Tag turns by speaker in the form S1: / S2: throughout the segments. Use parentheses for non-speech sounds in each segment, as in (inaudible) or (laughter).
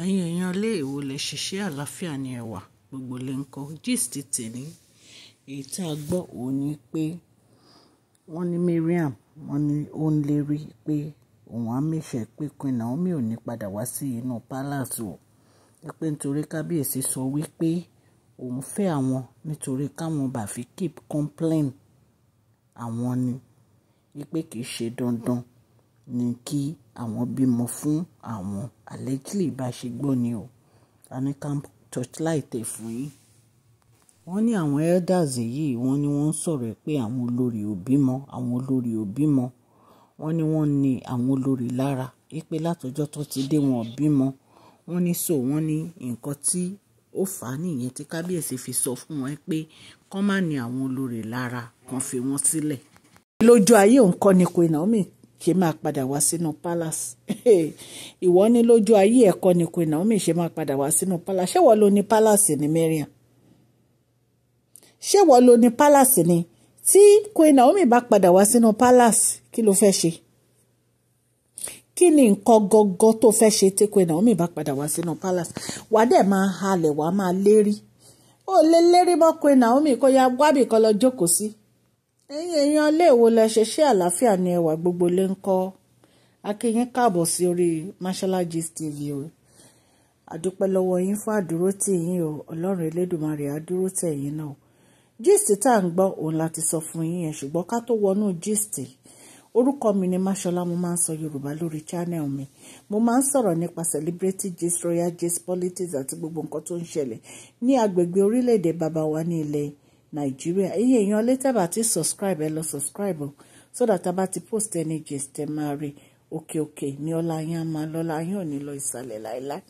S1: ẹ̀yin èèyàn ilé èwo lè ṣiṣẹ́ àlàáfíà ní ẹ̀wà gbogbo lè ń kọ́ gist tèmi èyí tá a gbọ́ òun ni pé wọ́n ní Mariam wọ́n ní ó ń lérí pé òun á mẹ́sẹ̀ pé Queen Naomi ò ní padà wá sí inú palace o pé nítorí kábíyèsí sọ wípé òun fẹ́ àwọn nítorí káwọn bá fi keep complain àwọn ni wípé kì í ṣe dandan ni kí àwọn bímọ fún àwọn allegedly bá ṣe gbọ́ ni o a torchlight ẹ̀ fún yín wọ́n ní àwọn elders yìí wọ́n ní wọ́n ń sọ̀rọ̀ ẹ̀ pé àwọn olórí ò bímọ àwọn olórí ò bímọ wọ́n ní wọ́n ní àwọn olórí lára pé látọjọ́ tó ti dé wọn ò bímọ wọ́n ní so wọ́n ní nǹkan tí ó fà á nìyẹn tí kábíyèsí fi sọ fún wọn pé kán má ní àwọn olórí lára kan fi wọ́n sílẹ̀. lójú ayé òun kọ́ ni Queen Naomi kì í máa padà wá sínú palace (laughs) ìwọ ní lójú ayé ẹ̀kọ́ ni Queen Naomi ṣe máa padà wá sínú palace ṣé wọ́n ló ní palace ní Mariam ṣé wọ́n ló ní palace ni tí Queen Naomi bá padà wá sínú palace kí ló fẹ́ ṣe kí ni nǹkan gọ́gọ́ tó fẹ́ ṣe tí Queen Naomi bá padà wá sínú palace wàá dẹ̀ máa halẹ̀ wàá máa lérí ó lé lérí mọ́ Queen Naomi kó ya wábì kan lọ jókòó sí. Si ẹ̀yin èèyàn ilé èwo lẹ ṣe ṣé àlàáfíà ni ẹwà gbogbo lè ń kọ́ akínyín káàbọ̀ sí orí Mashola Gist TV o àdúpẹ́ lọ́wọ́ yín fún àdúró tì yín o ọlọ́run elédùnmarè àdúró tẹ̀ yín náà gist tá à ń gbọ́ òun láti sọ fún yín yẹn ṣùgbọ́n ká tó wọnú gist orúkọ mi ni Mashola mo máa ń sọ Yorùbá lórí channel mi mo máa ń sọ̀rọ̀ nípa celebrity gist royal gist politics àti gbogbo nǹkan tó ń ṣẹlẹ̀ ní agbègbè orílẹ̀-èdè baba wa ní ilẹ̀ yìí nàìjíríà iye èèyàn létàbà ti subscribe ẹ lọ subscribe o so that a bá ti post ẹni gèsè máa rí òkè òkè ní ọlá yín á máa lọ́la yín ò ní lọ ìsàlẹ̀ láéláé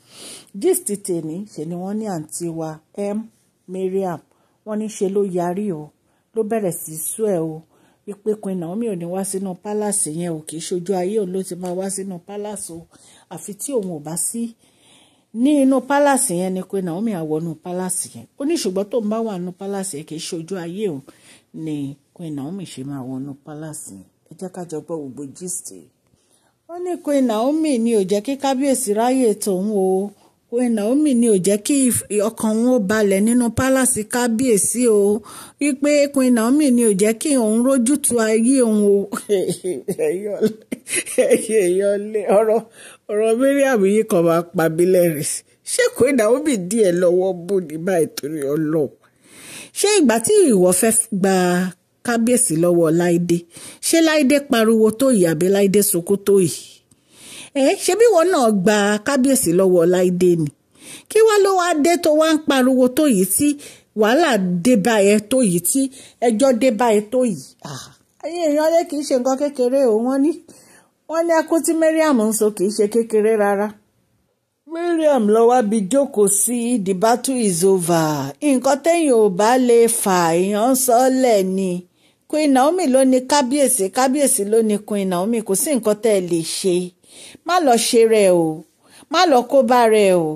S1: gist tèmi ṣe ni wọ́n ní àǹtí wa m Mariam wọ́n ní ṣe ló yarí o ló bẹ̀rẹ̀ sí sú ẹ̀ o wípé Queen Naomi ò ní wá sínú pálàsì yẹn o kì í ṣojú ayé òun ló ti máa wá sínú pálàsì o àfi tí òun ò bá sí. Si ní inú pálàsì yẹn ni pé Naomi àwọnú pálàsì yẹn ó ní ṣùgbọ́n tó ń bá wà nínú pálàsì yẹn kì í ṣe ojú ayé òun ni Queen Naomi ṣe máa wọnú pálàsì yẹn ẹ jẹ́ ká jọ gbọ́ gbogbo gist ó ní Queen Naomi ni ò jẹ́ kí kábíyèsí ráyè tòun o Queen Naomi ni ò jẹ́ kí ọkàn òun ó balẹ̀ nínú pálàsì kábíyèsí o wípé Queen Naomi ni ò jẹ́ kí òun rójútu ayé òun o (laughs) ẹ̀yọ́ ọ̀rọ̀ ọ̀rọ̀ Mariam yìí kan máa pa mí lẹ́rìn ṣé kò ìdáwó bì díẹ̀ lọ́wọ́ bò ní báyìí torí ọlọ́run ṣé ìgbà tí ìwọ fẹ́ gba kábíyèsí lọ́wọ́ láìdé ṣé láìdé pariwo tó yìí àbí láìdé sunkún tó yìí ẹ ṣe bí wọn náà gba kábíyèsí lọ́wọ́ láìdé ni kí wá ló wá dé tó wá ń pariwo tó yìí tí wàhálà dé bá ẹ tó yìí tí ẹjọ́ dé bá ẹ tó yìí ẹ̀yin èèyàn lé kì í ṣe nǹkan kékeré o wọ́n ní wọ́n ní ẹkún tí mariam ń kì í ṣe kékeré rárá. mariam lọ bí jókòó sí the battle is over nǹkan tẹ́yìn ò bá lè fà èèyàn sọ́lẹ̀ ni queen naomi ló ní kábíyèsí kábíyèsí ló ní queen naomi kò sí nǹkan tẹ́ ẹ lè ṣe má lọ ṣe rẹ o má lọ kó bá rẹ o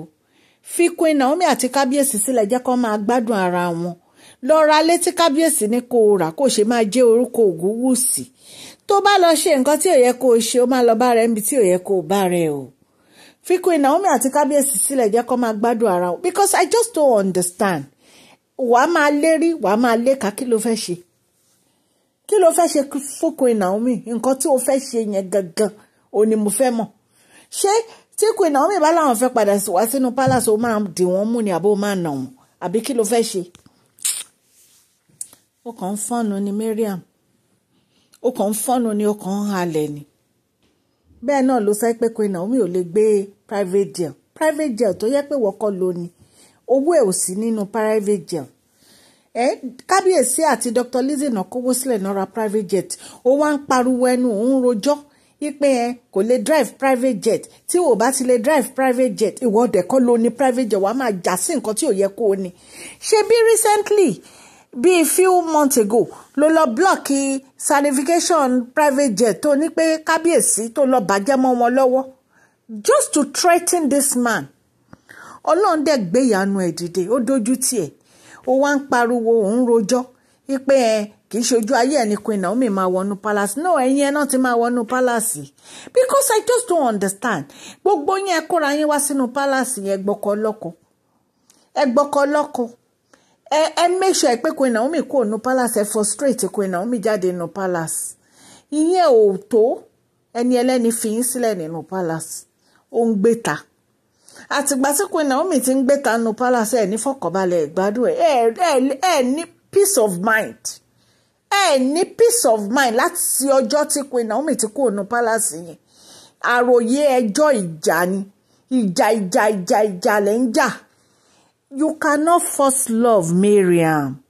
S1: fi queen naomi àti kábíyèsí sílẹ̀ jẹ́ kó máa gbádùn ara wọn lọ ra létí kábíyèsí ní kó o rà kó o ṣe máa jẹ́ orúkọ ògúnwùsì tó bá lọ ṣe nǹkan tí ò yẹ kó o ṣe ó máa lọ bá rẹ níbi tí ò yẹ kó o bá rẹ o fi Queen àti kábíyèsí sílẹ̀ jẹ́ kó máa gbádùn ara wọn because I just don't understand wàá máa lérí wàá máa léka kí ló fẹ́ ṣe kí ló fẹ́ ṣe fún Queen Naomi nǹkan tí o fẹ́ ṣe yẹn gangan o ni mo fẹ́ mọ̀ ṣé tí Queen Naomi bá láwọn fẹ́ padà wá sínú palace o máa dì wọ́n mú ni àbó máa nà wọ́n àbí kí ló fẹ́ ṣe ó kàn ń fọ́nù ni Mariam ó kàn ń fọ́nu ni ó kàn ń halẹ̀ ni bẹ́ẹ̀ náà ló sọ pé Queen Naomi ò lè gbé private jet private jet tó yẹ pé wọ́kọ́ ló ni owó ẹ̀ ò sí nínú private jet ẹ kábíyèsí àti Dr. Lizzie náà kówó sílẹ̀ náà private jet ó wá ń pariwo ẹnu òun rojọ́ ipe ẹ kò lè drive private jet tí o bá ti lè drive private jet ìwọ ọdẹ kọ́ ló ní private jet wàá máa jà sí nǹkan tí ò yẹ kó o ní ṣe bí recently bíi few months ago ló lọ blọọkì sanification private jet tó ní pé kábíyèsí tó lọ bàjẹ́ mọ́ wọn lọ́wọ́ just to threaten this man ọlọ́run dẹ̀ gbé ìyanu ẹ̀ dìde ó dojú tiẹ̀ ó wá ń pariwo òun rojọ́ wípé ẹ kì í ṣojú ayé ẹ ní Queen Naomi máa wọnú palace no ẹ̀yin ẹ náà ti máa wọnú palace because I just don't understand gbogbo yín ẹ kóra yín wá sínú palace yẹn gbọkọ lọkọ ẹ gbọkọ lọkọ ẹ ẹ make sure pé Queen Naomi kò nu palace ẹ frustrate Queen Naomi jáde nu palace ìyẹn ò tó ẹni ẹlẹ́ni fi yín sílẹ̀ nínú palace ó ń gbé ta àtìgbà tí Queen Naomi ti ń gbé ta nu palace ẹ ní fọkànbalẹ̀ ìgbádùn ẹ ẹ ẹ ní peace of mind ẹ ní peace of mind láti ọjọ́ tí Queen Naomi ti kúrò nu palace yẹn àròyé ẹjọ́ ìjà ni ìjà ìjà ìjà ìjà lẹ́ ń jà. You cannot force love, Miriam.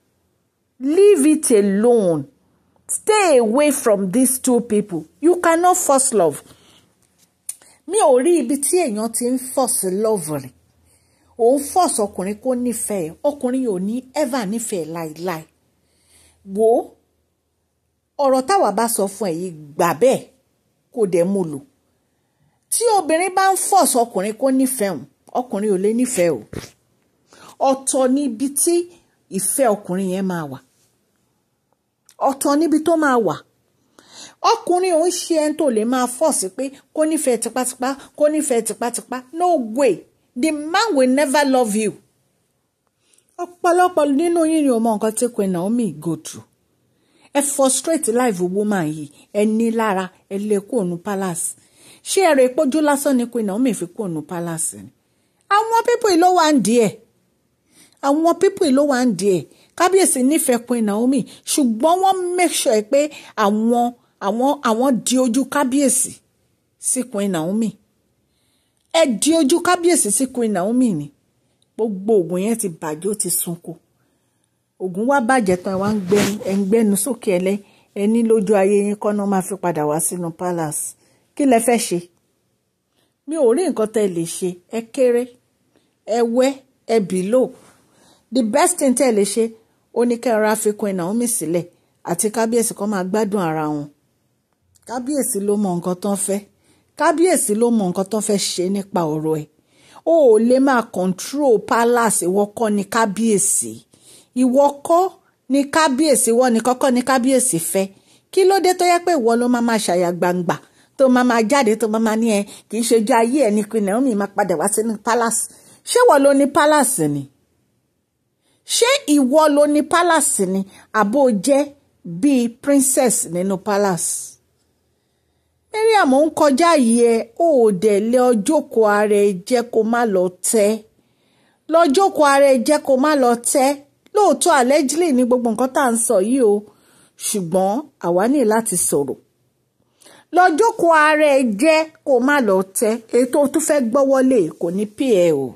S1: Leave it alone. Stay away from these two people. You cannot force love. Mi ò rí ibi tí èèyàn ti ń force love rẹ̀. Òun force ọkùnrin kó nífẹ̀ẹ́. Ọkùnrin ò ní ever nífẹ̀ẹ́ láìláì. Wo ọ̀rọ̀ táwa bá sọ fún ẹ yìí gbà bẹ́ẹ̀ kó dẹ̀ mú lò. Tí obìnrin bá ń force ọkùnrin kó nífẹ̀ẹ́ òun, ọkùnrin ò lè nífẹ̀ẹ́ o ọ̀tọ̀ níbi tí ìfẹ́ ọkùnrin yẹn máa wà ọ̀tọ̀ níbi tó máa wà ọkùnrin òun ṣe ẹni tó lè máa fọ́ọ̀sì pé kó nífẹ̀ẹ́ tipátipá kó nífẹ̀ẹ́ tipátipá no way the man will never love you. ọ̀pọ̀lọpọ̀ nínú yín ni o mọ nǹkan tí Queen Naomi go through ẹ frustrate life woman yìí ẹ ní lára ẹ lè kó òun palace ṣé ẹ̀rọ ìpọ́jú lásán ni Queen Naomi fi kó òun palace ni àwọn pípọ̀ ìlọ́wà ń di ẹ̀ àwọn people ló wà ń di ẹ̀ kábíyèsí nífẹ̀ẹ́ Queen Naomi ṣùgbọ́n wọ́n make sure pé àwọn àwọn àwọn di ojú kábíyèsí sí Queen Naomi ẹ di ojú kábíyèsí sí Queen Naomi ni gbogbo oògùn yẹn ti bàjẹ́ ó ti sunko oògùn wá bàjẹ́ tán ẹ wá ń gbẹnu ẹ ń gbẹnu sókè ẹlẹ́ ẹ ní lójú ayé yín kọ́nà máa fi padà wá sínú palace kí lẹ fẹ́ ṣe mi ò rí nǹkan tẹ́ lè ṣe ẹ kéré ẹ wẹ́ ẹ bìlò the best thing tẹ́ ẹ lè ṣe ó ní kẹ́ ẹ ra fi Queen Naomi sílẹ̀ àti kábíyèsí kan máa gbádùn ara wọn kábíyèsí ló mọ nǹkan tán fẹ́ kábíyèsí ló mọ nǹkan tán fẹ́ ṣe nípa ọ̀rọ̀ ẹ̀ o ò lè máa control palace ìwọ kọ́ ni kábíyèsí ìwọ kọ́ ni kábíyèsí wọ́n ni kọ́kọ́ ni kábíyèsí fẹ́ kí ló dé tó yẹ pé ìwọ ló máa máa ṣàyà gbangba tó máa máa jáde tó máa máa ní ẹ kì í ṣojú ayé ẹ ní Queen Naomi máa padà wá sínú palace ṣé wọ́n ló ní palace ni. Palace, ṣé ìwọ ló ní palace ni àbó jẹ́ bíi princess nínú palace mariam ń kọjá yìí ẹ ò dẹ̀ lé ọjọ́kọ̀ ara ẹ jẹ́ kó má lọ tẹ́ lọ́jọ́kọ̀ ara ẹ jẹ́ kó má lọ tẹ́ lóòótọ́ allegedly ní gbogbo nǹkan tá à ń sọ yìí o ṣùgbọ́n àwa ní láti sọ̀rọ̀ lọ́jọ́kọ̀ ara ẹ jẹ́ kó má lọ tẹ́ èyí tó tún fẹ́ gbọ́wọ́lé kò ní pa ẹ o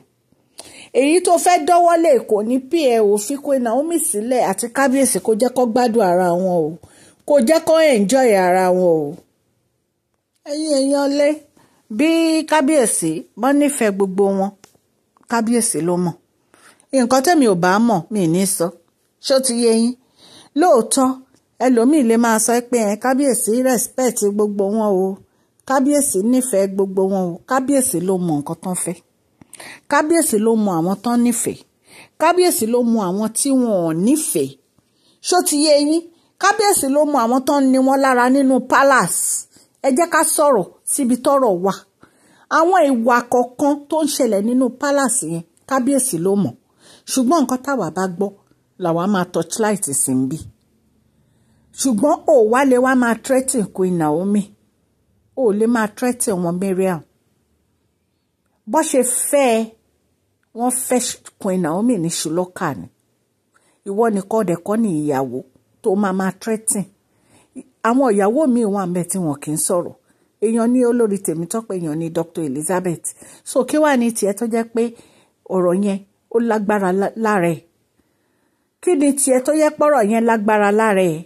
S1: èyí tó fẹ́ dọ́wọ́lé kò ní pao fi Queen Naomi sílẹ̀ àti kábíyèsí kò jẹ́ kó gbádùn ara wọn o kò jẹ́ kó enjoy ara wọn o. ẹ̀yin èèyàn lé bí kábíyèsí mọ́ nífẹ̀ẹ́ gbogbo wọn kábíyèsí ló mọ̀ nǹkan tẹ̀mí ò bá mọ̀ mi ní sọ ṣó ti yé yín lóòótọ́ ẹlòmíì lè máa sọ pé ẹ̀ kábíyèsí respect gbogbo wọn o kábíyèsí nífẹ̀ẹ́ gbogbo wọn o kábíyèsí ló mọ̀ nǹkan tán fẹ́ kábíyèsí ló mọ àwọn tán nífẹ̀ẹ́ kábíyèsí ló mọ àwọn tí wọn ò nífẹ̀ẹ́ ṣó ti yé yín kábíyèsí ló mọ àwọn tán ní wọn lára nínú palace ẹ jẹ́ ká sọ̀rọ̀ síbi tọ́rọ̀ wà àwọn ìwà kọ̀ọ̀kan tó ń ṣẹlẹ̀ nínú palace yẹn kábíyèsí ló mọ̀ ṣùgbọ́n nǹkan táwa bá gbọ́ làwa máa torchlight sí ń bí ṣùgbọ́n òwálé wa máa threaten Queen Naomi ò lè máa threaten wọn Mariam bó ṣe fẹ́ ẹ wọ́n fẹ́ Queen Naomi ní ṣùlọ́kà ni ìwọ nìkan ọ̀dẹ̀kọ́ ní ìyàwó tó máa máa threatening àwọn ìyàwó mi wà mẹ́ tí wọn kì í sọ̀rọ̀ èèyàn ní olórí Tèmítọ́pẹ́ èèyàn ní Dr Elizabeth so kí wàá ní tiẹ̀ tó jẹ́ pé ọ̀rọ̀ yẹn ó lágbára lára ẹ̀ kí ni tiẹ̀ tó yẹ pọ́rọ̀ yẹn lágbára lára ẹ̀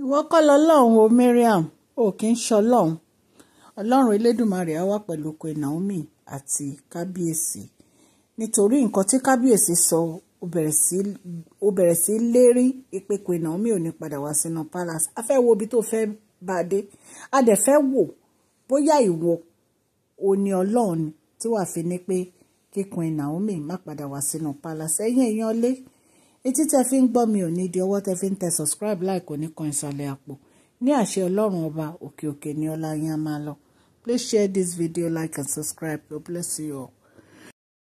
S1: ìwọ kọ́ lọ́lọ́run o Mariam o kì í ṣọlọ́run ọlọ́run elédùmarè á wà pẹ̀lú Queen Naomi àti kábíyèsí nítorí nǹkan tí kábíyèsí sọ ó bẹ̀rẹ̀ sí lérí pé Queen Naomi ò ní padà wá sínú palace a fẹ́ wo ibi tó fẹ́ bá dé a dẹ̀ fẹ́ wò bóyá ìwọ o ní ọlọ́run tí wàá fi ní pé kí Naomi má padà wá sínú palace ẹ̀yìn èèyàn lé etí tẹ fi ń gbọ́ mi ò ní di ọwọ́ tẹ fi ń tẹ subscribe láì kò ní kan ìsàlẹ̀ àpò ní àṣẹ ọlọ́run ọba òkè òkè ni ọlá yẹn á máa lọ. Please share this video, like and subscribe. God bless you all.